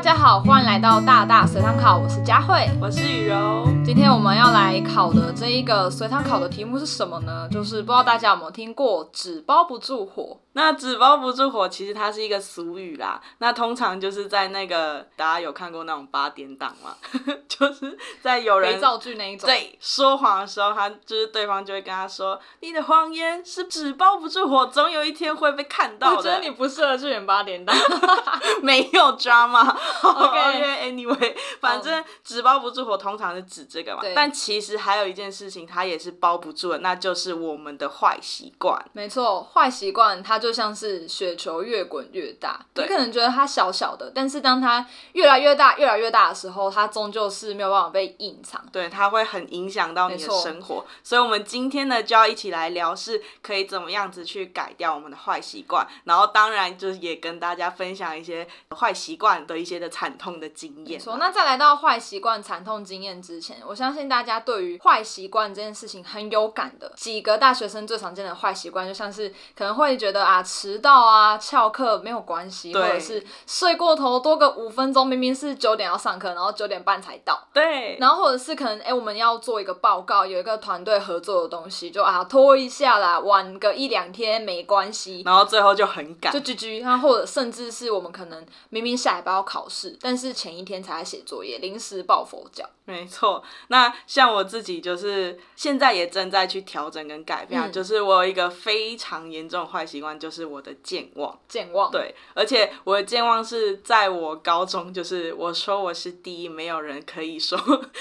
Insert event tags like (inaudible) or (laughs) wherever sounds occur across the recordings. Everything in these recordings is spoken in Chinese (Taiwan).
大家好，歡迎來到大大隨堂考，我是家卉，我是妤柔。今天我們要來考的這一個隨堂考的題目是什麼呢？就是不知道大家有沒有聽過“紙包不住火”。那紙包不住火，其實它是一個俗語啦。那通常就是在那個大家有看過那種八點檔嘛， (laughs) 就是在有人沒造句那一種，對，說謊的時候，他就是對方就會跟他說：“你的謊言是紙包不住火，總有一天會被看到的。”我覺得你不適合出演八點檔， (laughs) (laughs) 沒有 drama。Oh, Okay，anyway，okay. 反正紙包不住火，通常是指這個嘛、嗯。但其實還有一件事情，它也是包不住的，那就是我們的壞習慣。沒錯，壞習慣它就。就像是雪球越滾越大，你可能覺得它小小的，但是當它越來越大，越來越大的時候，它終究是沒有辦法被隱藏。對，它會很影響到你的生活。所以，我們今天呢，就要一起來聊，是可以怎麼樣子去改掉我們的壞習慣。然後，當然就是也跟大家分享一些壞習慣的一些的慘痛的經驗。說那在來到壞習慣慘痛經驗之前，我相信大家對於壞習慣這件事情很有感的。幾個大學生最常見的壞習慣，就像是可能會覺得。啊，遲到啊，翹課沒有關係，對。或者是睡過頭多個五分鐘，明明是九點要上課，然後九點半才到。對。然後或者是可能，哎、欸，我們要做一個報告，有一個團隊合作的東西，就啊拖一下啦，晚個一兩天沒關係。然後最後就很趕，就急急、啊。然後或者甚至是我們可能明明下禮拜要考試，但是前一天才在寫作業，臨時抱佛腳。沒錯。那像我自己就是現在也正在去調整跟改變，嗯、就是我有一個非常嚴重的壞習慣。就是我的健忘、健忘對，而且我的健忘是在我高中，就是我說我是第一，沒有人可以說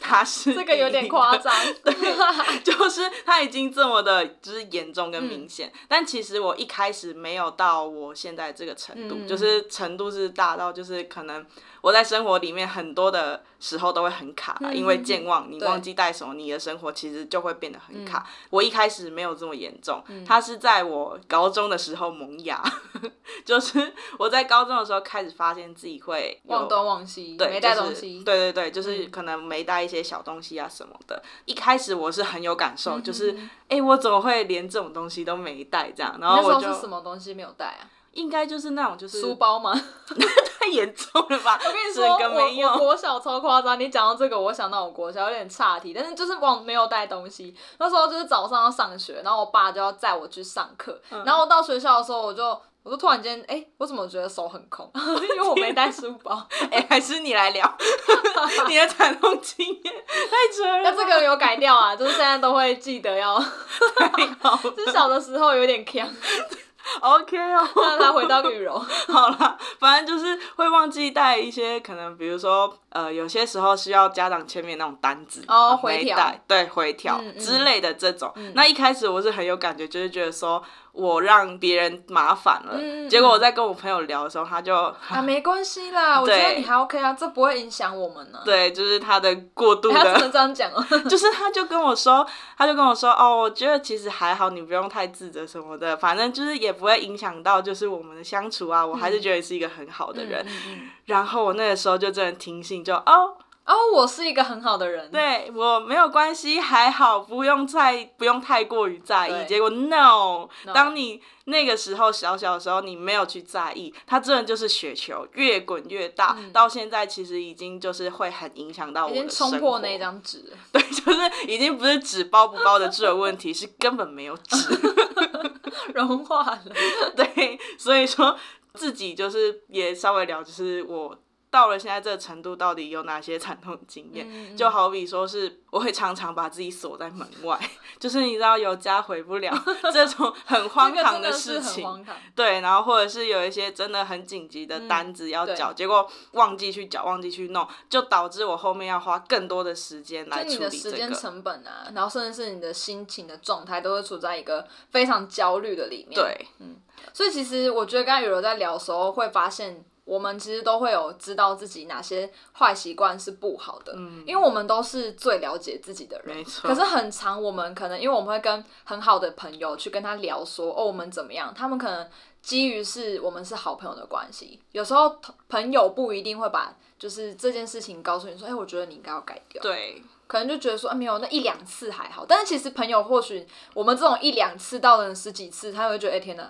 他是這個，有點誇張，對 (laughs) 就是他已經這麼的，就是嚴重跟明顯、嗯。但其實我一開始沒有到我現在這個程度，嗯、就是程度是大到就是可能，我在生活裡面很多的時候都會很卡、嗯，因為健忘，你忘記帶什麼，你的生活其實就會變得很卡。嗯、我一開始沒有這麼嚴重、嗯，它是在我高中的時候萌芽、嗯呵呵，就是我在高中的時候開始發現自己會忘東忘西，對沒帶東西、就是。對對對，就是可能沒帶一些小東西啊什麼的、嗯。一開始我是很有感受，就是哎、嗯欸，我怎麼會連這種東西都沒帶這樣？然後我就是什麼東西沒有帶啊？應該就是那種，就是，是書包嗎？ (laughs) 太嚴重了吧！我跟你說，我，我國小超誇張。你講到這個，我想到我國小有點岔題，但是就是我沒有帶東西。那時候就是早上要上學，然後我爸就要載我去上課、嗯。然後我到學校的時候，我就我就突然間，哎、欸，我怎麼覺得手很空？就 (laughs) 因為我沒帶書包？哎、 (laughs) 欸，還是你來聊 (laughs) 你的慘痛經驗，太了。那 (laughs) 這個有改掉啊？就是現在都會記得要 (laughs) 太好了。好。 (laughs) 是小的時候有點鏘。O.K. 哦，那再回到妤柔， (laughs) 好了，反正就是會忘記帶一些可能，比如說，呃，有些時候需要家長簽名那種單子，哦、oh, 啊，回，帶，對，回條、嗯嗯、之類的這種、嗯。那一開始我是很有感覺，就是覺得說。我讓別人麻煩了、嗯，結果我在跟我朋友聊的時候，嗯、他就啊，沒關係啦，我覺得你還 OK 啊，這不會影響我們呢、啊。對，就是他的過度的。欸、他真的這樣講 (laughs) 就是他就跟我說，他就跟我說，哦，我覺得其實還好，你不用太自責什麼的，反正就是也不會影響到就是我們的相處啊。我還是覺得你是一個很好的人。嗯、然後我那個時候就真的聽信就哦。哦，我是一個很好的人，對我沒有關係，還好，不用在不用太過於在意。結果 no，no，當你那個時候小小的時候，你沒有去在意，它真的就是雪球越滾越大，嗯，到現在其實已經就是會很影響到我的生活。已經衝破那一張紙，對，就是已經不是紙包不包的這個問題， (laughs) 是根本沒有紙， (laughs) 融化了。對，所以說自己就是也稍微聊，就是我。到了現在這個程度，到底有哪些慘痛的經驗、嗯？就好比說，是我會常常把自己鎖在門外、嗯，就是你知道有家回不了 (laughs) 這種很荒唐的事情、那個的。對，然後或者是有一些真的很緊急的單子要交、嗯，結果忘記去繳、忘記去弄，就導致我後面要花更多的時間來處理這個。你的時間成本啊，然後甚至是你的心情的狀態，都會處在一個非常焦慮的裡面。對，嗯，所以其實我覺得剛才妤柔在聊的時候，會發現。我們其實都會有知道自己哪些壞習慣是不好的，嗯，因為我們都是最了解自己的人，沒錯。可是很常，我們可能因為我們會跟很好的朋友去跟他聊說，哦，我們怎麼樣？他們可能基於是我們是好朋友的關係，有時候朋友不一定會把就是這件事情告訴你說，哎，我覺得你應該要改掉，對，可能就覺得說，哎，沒有那一兩次還好，但是其實朋友或許我們這種一兩次到了十幾次，他會覺得，哎，天吶。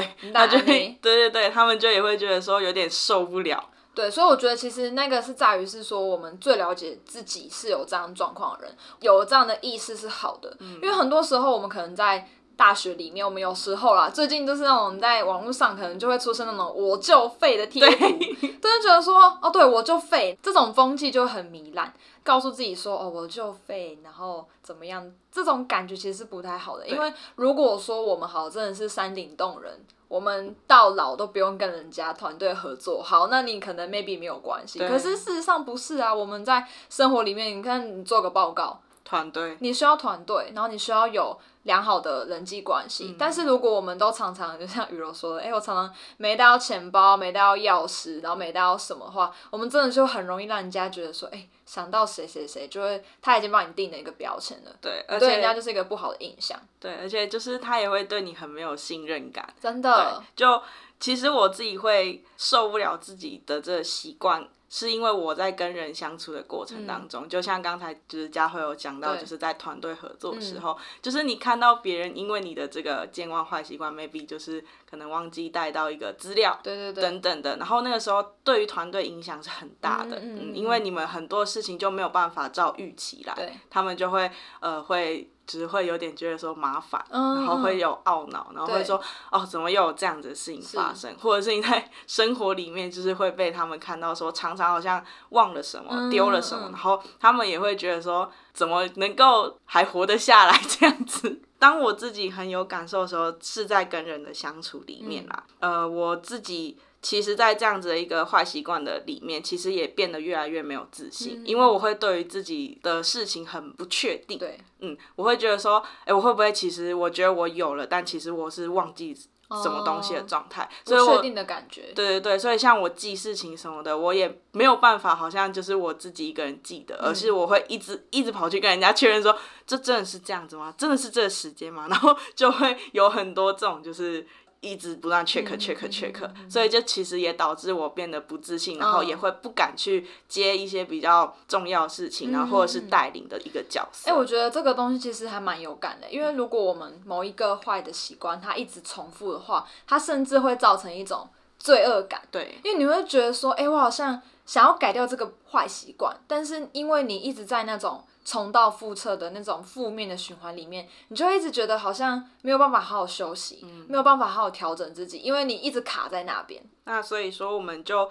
對，他就會，對對對，他們就也會覺得說有點受不了。對，所以我覺得其實那個是在於是說我們最了解自己是有這樣狀況的人，有這樣的意識是好的、嗯，因為很多時候我們可能在。大學裡面，我們有時候啦，最近就是那種在網絡上可能就會出現那種“我就廢”的貼圖，就是覺得說哦對，對我就廢，這種風氣就很糜爛。告訴自己說哦，我就廢，然後怎麼樣？這種感覺其實是不太好的，因為如果說我們好像真的是山頂洞人，我們到老都不用跟人家團隊合作，好，那你可能 maybe 沒有關係。可是事實上不是啊，我們在生活裡面，你看你做個報告，團隊你需要團隊，然後你需要有。良好的人際關係，嗯、但是如果我們都常常就像妤柔說的，哎、欸，我常常沒帶錢包，沒帶鑰匙，然後沒帶什麼的話，我們真的就很容易讓人家覺得說，誒、欸想到誰誰誰就會，他已經幫你定了一個標籤了。對，而且人家就是一個不好的印象。對，而且就是他也會對你很沒有信任感。真的。對，就其實我自己會受不了自己的這個習慣，是因為我在跟人相處的過程當中，嗯、就像剛才就是家卉有講到，就是在團隊合作的時候，嗯、就是你看到別人因為你的這個健忘壞習慣，maybe 就是可能忘記帶到一個資料，對對對，等等的，然後那個時候對於團隊影響是很大的，嗯嗯嗯嗯，嗯，因為你們很多事。事情就沒有辦法照預期來，他們就會呃會只是會有點覺得說麻煩，嗯，然後會有懊惱，然後會說哦，怎麼又有這樣子的事情發生，或者是你在生活裡面就是會被他們看到說常常好像忘了什麼，嗯，丟了什麼，嗯，然後他們也會覺得說怎麼能夠還活得下來這樣子。 (laughs) 當我自己很有感受的時候，是在跟人的相處裡面啦，嗯、呃我自己。其實，在這樣子的一個壞習慣的裡面，其實也變得越來越沒有自信，嗯、因為我會對於自己的事情很不確定。對，嗯，我會覺得說，哎，我會不會？其實我覺得我有了，但其實我是忘記什麼東西的狀態、oh, 所以我。不確定的感覺。對對對，所以像我記事情什麼的，我也沒有辦法，好像就是我自己一個人記得，嗯、而是我會一直一直跑去跟人家確認說，這真的是這樣子嗎？真的是這個時間嗎？然後就會有很多這種就是。一直不讓 check check check，、嗯、所以就其實也導致我變得不自信，嗯、然後也會不敢去接一些比較重要事情，嗯，然後或者是帶領的一個角色。誒、欸，我覺得這個東西其實還蠻有感的，因為如果我們某一個壞的習慣它一直重複的話，它甚至會造成一種罪惡感。對，因為你會覺得說，誒、欸，我好像想要改掉這個壞習慣，但是因為你一直在那種。重蹈覆轍的那種負面的循環裡面，你就一直覺得好像沒有辦法好好休息，嗯，沒有辦法好好調整自己，因為你一直卡在那邊。那所以說，我們就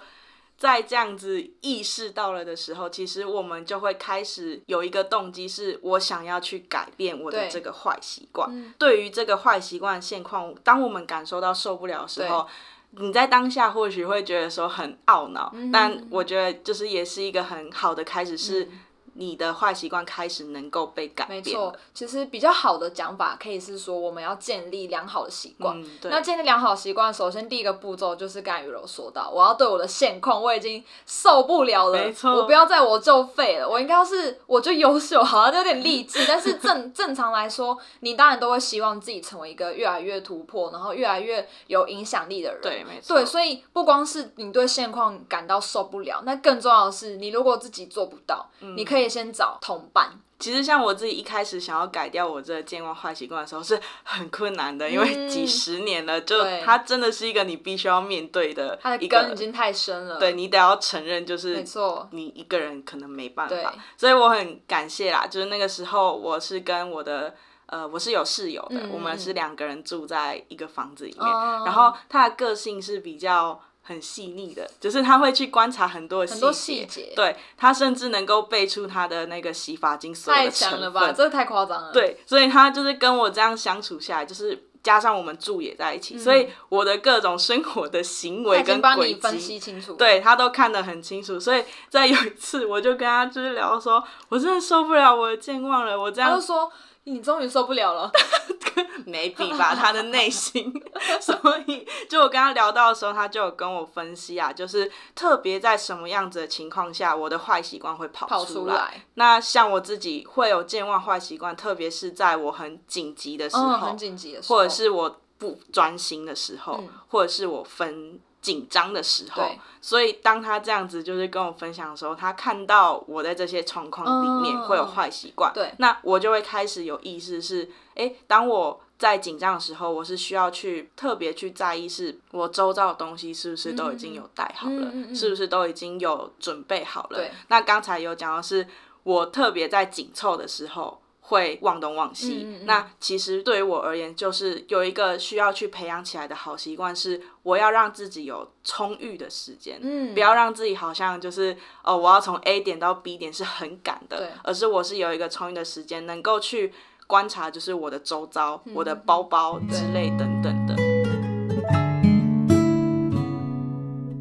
在這樣子意識到了的時候，其實我們就會開始有一個動機，是我想要去改變我的這個壞習慣。對。對於這個壞習慣的現況，當我們感受到受不了的時候，你在當下或許會覺得說很懊惱，嗯，但我覺得就是也是一個很好的開始是你的壞習慣開始能夠被改變。沒錯，其實比較好的講法可以是說，我們要建立良好的習慣、嗯。那建立良好習慣，首先第一個步驟就是剛妤柔說到，我要對我的現況，我已經受不了了。沒錯，我不要再我就廢了。我應該要是我就優秀,好像有點勵志， (laughs) 但是正正常來說，你當然都會希望自己成為一個越來越突破，然後越來越有影響力的人。對，沒錯。對，所以不光是你對現況感到受不了，那更重要的是，你如果自己做不到，嗯、你可以。先找同伴。其實像我自己一開始想要改掉我這個健忘壞習慣的時候是很困難的，嗯、因為幾十年了，就他真的是一個你必須要面對的一個。他的根已經太深了，對你得要承認，就是你一個人可能沒辦法沒錯。所以我很感謝啦，就是那個時候我是跟我的呃我是有室友的，嗯、我們是兩個人住在一個房子裡面，嗯、然後他的個性是比較。很細膩的，就是他會去觀察很多很多細節，對，他甚至能夠背出他的那個洗髮精所有的成分，太強了吧，這個太誇張了。對，所以他就是跟我這樣相處下來，就是加上我們住也在一起，嗯，所以我的各種生活的行為跟軌跡，對他都看得很清楚。所以在有一次，我就跟他就是聊說，我真的受不了，我健忘了，我這樣說。你終於受不了了， (laughs) 沒比吧，他的內心， (laughs) (laughs) 所以就我跟他聊到的時候，他就有跟我分析啊，就是特別在什麼樣子的情況下，我的壞習慣會跑出，跑出來。那像我自己會有健忘壞習慣，特別是在我很緊急的時候，哦、很緊急的時候，或者是我不專心的時候、嗯，或者是我分。緊張的時候，所以當他這樣子就是跟我分享的時候，他看到我在這些狀況裡面會有壞習慣，那我就會開始有意識是，誒、欸，當我在緊張的時候，我是需要去特別去在意，是我周遭的東西是不是都已經有帶好了、嗯，是不是都已經有準備好了？對，那剛才有講的是，我特別在緊湊的時候。會忘東忘西，嗯，那其實對於我而言，就是有一個需要去培養起來的好習慣，是我要讓自己有充裕的時間，嗯，不要讓自己好像就是哦，我要從 A 點到 B 點是很趕的，而是我是有一個充裕的時間，能夠去觀察，就是我的周遭，嗯，我的包包之類等等的。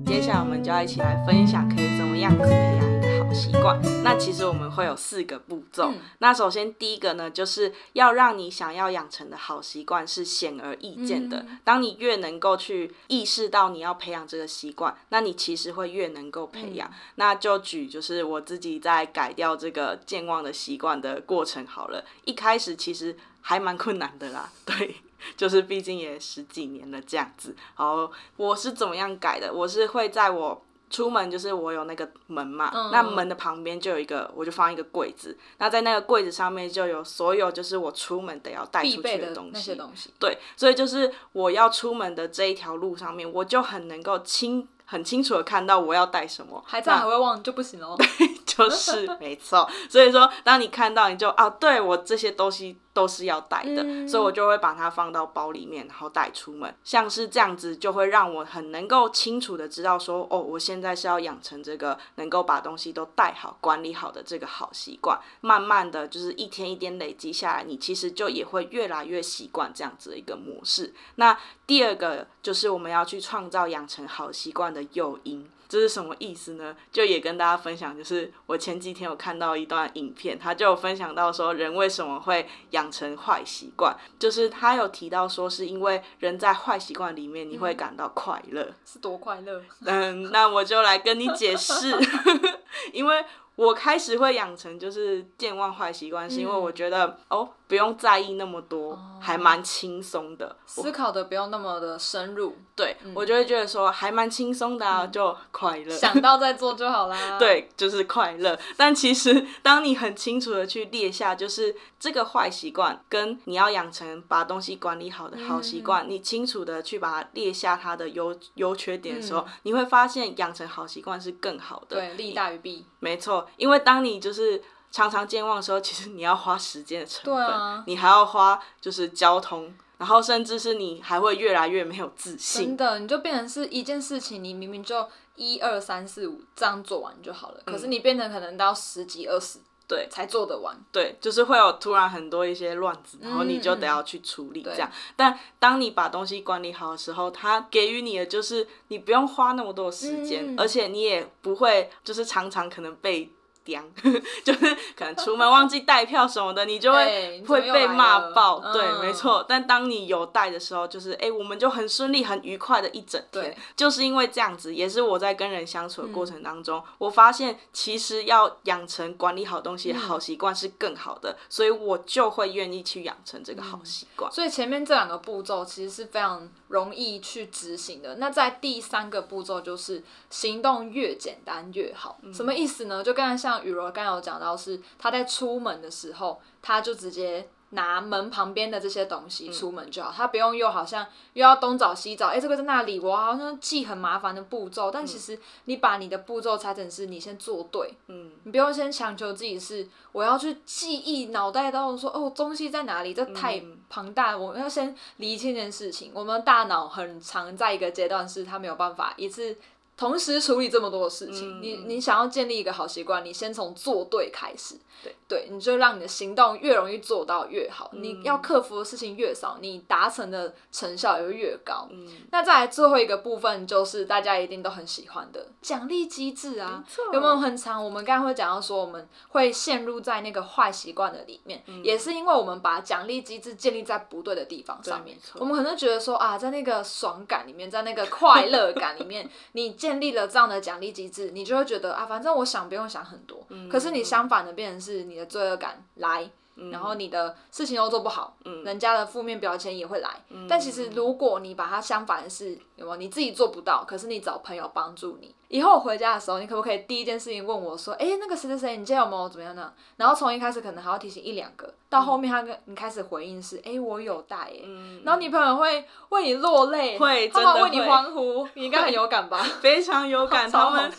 接下來，我們就要一起來分享，可以怎麼樣子培養。習慣，那其實我們會有四個步驟，嗯。那首先第一個呢，就是要讓你想要養成的好習慣是顯而易見的。嗯。當你越能夠去意識到你要培養這個習慣，那你其實會越能夠培養。嗯。那就舉就是我自己在改掉這個健忘的習慣的過程好了。一開始其實還蠻困難的啦，對，就是畢竟也十幾年了這樣子。好，我是怎麼樣改的？我是會在我出門，就是我有那個門嘛，嗯、那門的旁邊就有一個，我就放一個櫃子。那在那個櫃子上面就有所有就是我出門得要帶出去的東西、那些東西。對，所以就是我要出門的這一條路上面，我就很能夠清很清楚的看到我要帶什麼。還在，還會忘就不行了 (laughs) 就是沒錯，所以說，當你看到你就啊，對，我這些東西都是要帶的。嗯，所以我就會把它放到包裡面，然後帶出門。像是這樣子，就會讓我很能夠清楚的知道說，哦，我現在是要養成這個能夠把東西都帶好、管理好的這個好習慣。慢慢的就是一天一天累積下來，你其實就也會越來越習慣這樣子的一個模式。那第二個就是我們要去創造養成好習慣的誘因。這是什麼意思呢？就也跟大家分享，就是我前幾天有看到一段影片，他就分享到說，人為什麼會養成壞習慣？就是他有提到說，是因為人在壞習慣裡面你會感到快樂。嗯，是多快樂？嗯，那我就來跟你解釋， (laughs) 因為我開始會養成就是健忘壞習慣，是因為我覺得哦。不用在意那麼多，哦、還蠻輕鬆的。思考的不用那麼的深入。對、嗯，我就會覺得說還蠻輕鬆的啊，嗯、就快樂。想到再做就好啦。 (laughs) 對，就是快樂。 (laughs) 但其實，當你很清楚的去列下，就是這個壞習慣跟你要養成把東西管理好的好習慣、嗯，你清楚的去把它列下它的優優缺點的時候，嗯、你會發現養成好習慣是更好的。對，利大於弊。沒錯，因為當你就是。常常健忘的時候，其實你要花時間的成本，對啊，你還要花就是交通，然後甚至是你還會越來越沒有自信。真的，你就變成是一件事情，你明明就一二三四五這樣做完就好了、嗯，可是你變成可能到十幾二十對才做得完，對，就是會有突然很多一些亂子，然後你就得要去處理、嗯、這樣。但當你把東西管理好的時候，它給予你的就是你不用花那麼多時間、嗯，而且你也不會就是常常可能被。 (laughs) 就是可能出門忘記帶票什麼的，你就會會被罵爆。對，沒錯。但當你有帶的時候，就是哎、欸，我們就很順利、很愉快的一整天。就是因為這樣子，也是我在跟人相處的過程當中，我發現其實要養成管理好東西、好習慣是更好的，所以我就會願意去養成這個好習慣、嗯。所以前面這兩個步驟其實是非常。容易去執行的。那在第三個步驟就是，行動越簡單越好、嗯。什麼意思呢？就剛才像妤柔剛有講到是，是他在出門的時候，他就直接。拿門旁邊的這些東西出門就好，嗯、他不用又好像又要東找西找，誒、欸，這個在哪裡？我好像記很麻煩的步驟、嗯，但其實你把你的步驟拆成是，你先做對，嗯，你不用先強求自己是我要去記憶腦袋當中說哦東西在哪裡，這太龐大、嗯，我要先理清這件事情。我們大腦很常，在一個階段是他沒有辦法一次。同時處理這麼多的事情，嗯、你你想要建立一個好習慣，你先從做對開始。對對，你就讓你的行動越容易做到越好。嗯、你要克服的事情越少，你達成的成效也會越高、嗯。那再來最後一個部分，就是大家一定都很喜歡的獎勵機制啊，有沒有？很常我們剛剛會講到說，我們會陷入在那個壞習慣的裡面、嗯，也是因為我們把獎勵機制建立在不對的地方上面。我們可能覺得說啊，在那個爽感裡面，在那個快樂感裡面， (laughs) 你建立建立了這樣的獎勵機制，你就會覺得啊，反正我想不用想很多。嗯、可是你相反的變成是你的罪惡感來、嗯，然後你的事情都做不好，嗯、人家的負面標籤也會來、嗯。但其實如果你把它相反的是有沒有，你自己做不到，可是你找朋友幫助你。以後我回家的時候，你可不可以第一件事情問我，說，哎、欸，那個誰誰誰，你今天有沒有怎麼樣呢？然後從一開始可能還要提醒一兩個，到後面他跟你開始回應是：嗯「哎、欸，我有帶，哎，然後你朋友會為你落淚，會，真的會他們為你歡呼，你應該很有感吧？非常有感，他們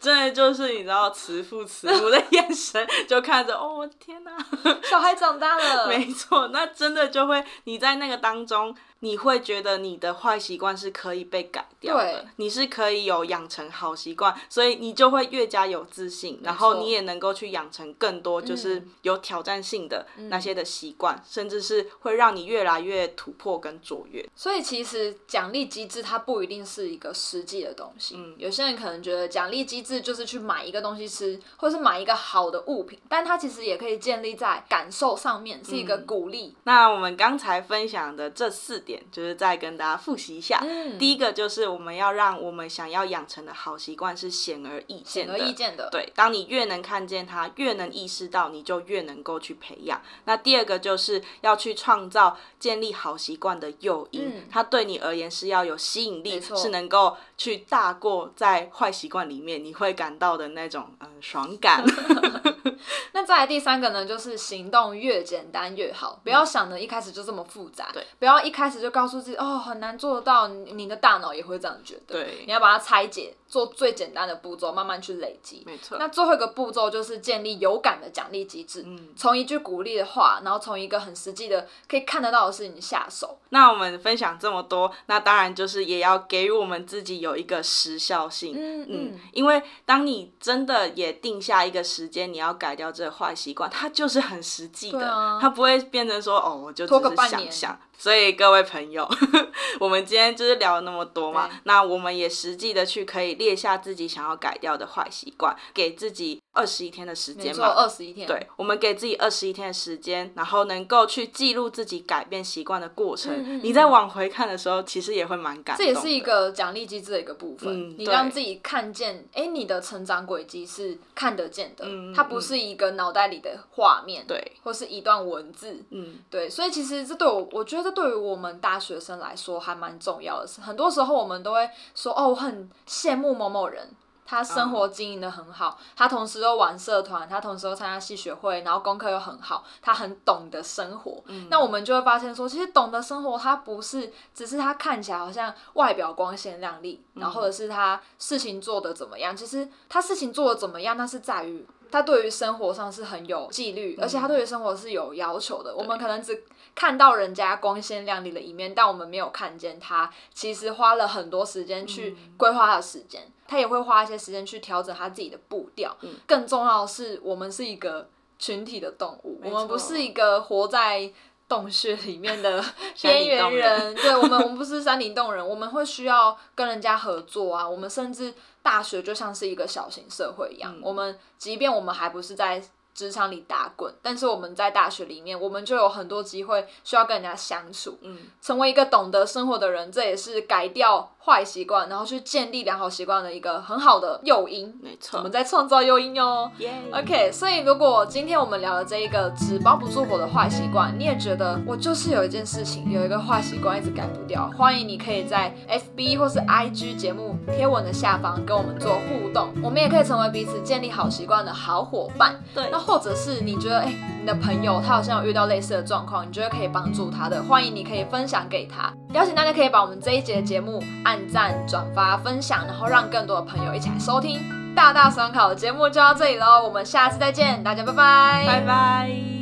真的就是你知道慈父慈母的眼神，就看着， (laughs) 哦，天哪、啊，小孩長大了，沒錯，那真的就會你在那個當中。你會覺得你的壞習慣是可以被改掉的，對，你是可以有養成好習慣，所以你就會越加有自信，然後你也能夠去養成更多就是有挑戰性的那些的習慣、嗯，甚至是會讓你越來越突破跟卓越。所以其實獎勵機制它不一定是一個實際的東西，嗯、有些人可能覺得獎勵機制就是去買一個東西吃，或是買一個好的物品，但它其實也可以建立在感受上面，是一個鼓勵。嗯、那我們剛才分享的這四點。就是再跟大家複習一下，嗯，第一個就是我們要讓我們想要養成的好習慣是顯而、而易見的，對，當你越能看見它，越能意識到，你就越能夠去培養。那第二個就是要去創造建立好習慣的誘因，嗯，它對你而言是要有吸引力，是能夠。去大過在壞習慣裡面你會感到的那種呃爽感。 (laughs) (laughs) 那再來第三個呢，就是行動越簡單越好，不要想著一開始就這麼複雜。對、嗯，不要一開始就告訴自己哦很難做到，你的大腦也會這樣覺得。對，你要把它拆解，做最簡單的步驟，慢慢去累積。沒錯。那最後一個步驟就是建立有感的獎勵機制，從、嗯、一句鼓勵的話，然後從一個很實際的可以看得到的事情下手。那我們分享這麼多，那當然就是也要給予我們自己有一個時效性。嗯，嗯，因為當你真的也定下一個時間，你要改掉這個壞習慣，它就是很實際的，啊、它不會變成說哦，我就只是想想。所以各位朋友， (laughs) 我們今天就是聊了那麼多嘛，那我們也實際的去可以列下自己想要改掉的壞習慣，給自己二十一天的時間嘛，二十一天。對，我們給自己二十一天的時間，然後能夠去記錄自己改變習慣的過程。嗯嗯。你再往回看的時候，其實也會蠻感動。這也是一個獎勵機制的一個部分、嗯，你讓自己看見，哎、欸，你的成長軌跡是看得見的，嗯嗯，它不是一個腦袋裡的畫面，對，或是一段文字，嗯，對。所以其實這對我，我覺得對於我們大學生來說還蠻重要的是。是很多時候我們都會說，哦，我很羨慕某某人。他生活經營得很好、uh. 他，他同時又玩社團，他同時又參加系學會，然後功課又很好，他很懂得生活、嗯。那我們就會發現說，其實懂得生活，他不是只是他看起來好像外表光鮮亮麗，然後或者是他事情做得怎麼樣，嗯、其實他事情做得怎麼樣，那是在於他對於生活上是很有紀律、嗯，而且他對於生活是有要求的、嗯。我們可能只看到人家光鮮亮麗的一面，但我們沒有看見他其實花了很多時間去規劃他的時間。嗯他也會花一些時間去調整他自己的步調、嗯。更重要的是，我們是一個群體的動物，我們不是一個活在洞穴裡面的邊緣人 (laughs) 山頂洞人。對，我們 (laughs) 我們不是山頂洞人，我們會需要跟人家合作啊。我們甚至大學就像是一個小型社會一樣。嗯、我們即便我們還不是在職場裡打滾，但是我們在大學裡面，我們就有很多機會需要跟人家相處。嗯，成為一個懂得生活的人，這也是改掉。壞習,習慣，然後去建立良好習慣的一個很好的誘因。沒錯，我們在創造誘因喲耶。OK，所以如果今天我們聊的這一個紙包不住火的壞習慣，你也覺得我就是有一件事情，有一個壞習慣一直改不掉，歡迎你可以在 FB 或是 IG 節目貼文的下方跟我們做互動，我們也可以成為彼此建立好習慣的好伙伴。嗯、對，那或者是你覺得哎。欸的朋友，他好像有遇到類似的狀況，你覺得可以幫助他的，歡迎你可以分享給他。邀請大家可以把我們這一集節目按讚、轉發、分享，然後讓更多的朋友一起來收聽。大大參考的節目就到這裡嘍，我們下次再見，大家拜拜，拜拜。